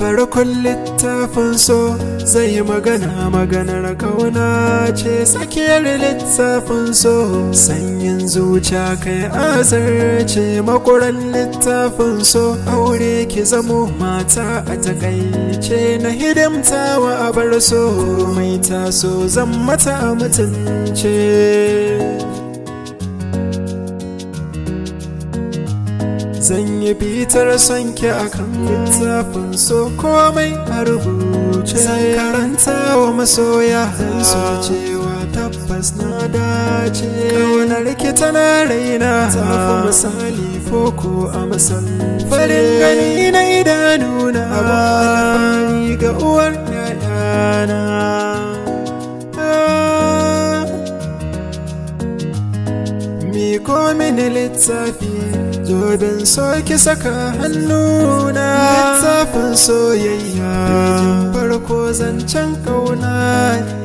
farkon littafin so zai yi magana maganar kauna ce tsakiyar littafin so sanyin zuciya kai azarce makuran littafin so aure ki zamo mata a takaice na hidimta wa abar so mai taso zan mata mutunce zan yi bitar son ki akan littafin so komai a rubuce zan karanta wa masoya zan so cewa tabbas na dace Kawana rikita na raina ta fi misali foko a misali farin gani na idanuna abu ga uwar na ah. mi ko mini littafi Zobin soke saka hannuna zafin soyayya Farko zancen ƙauna.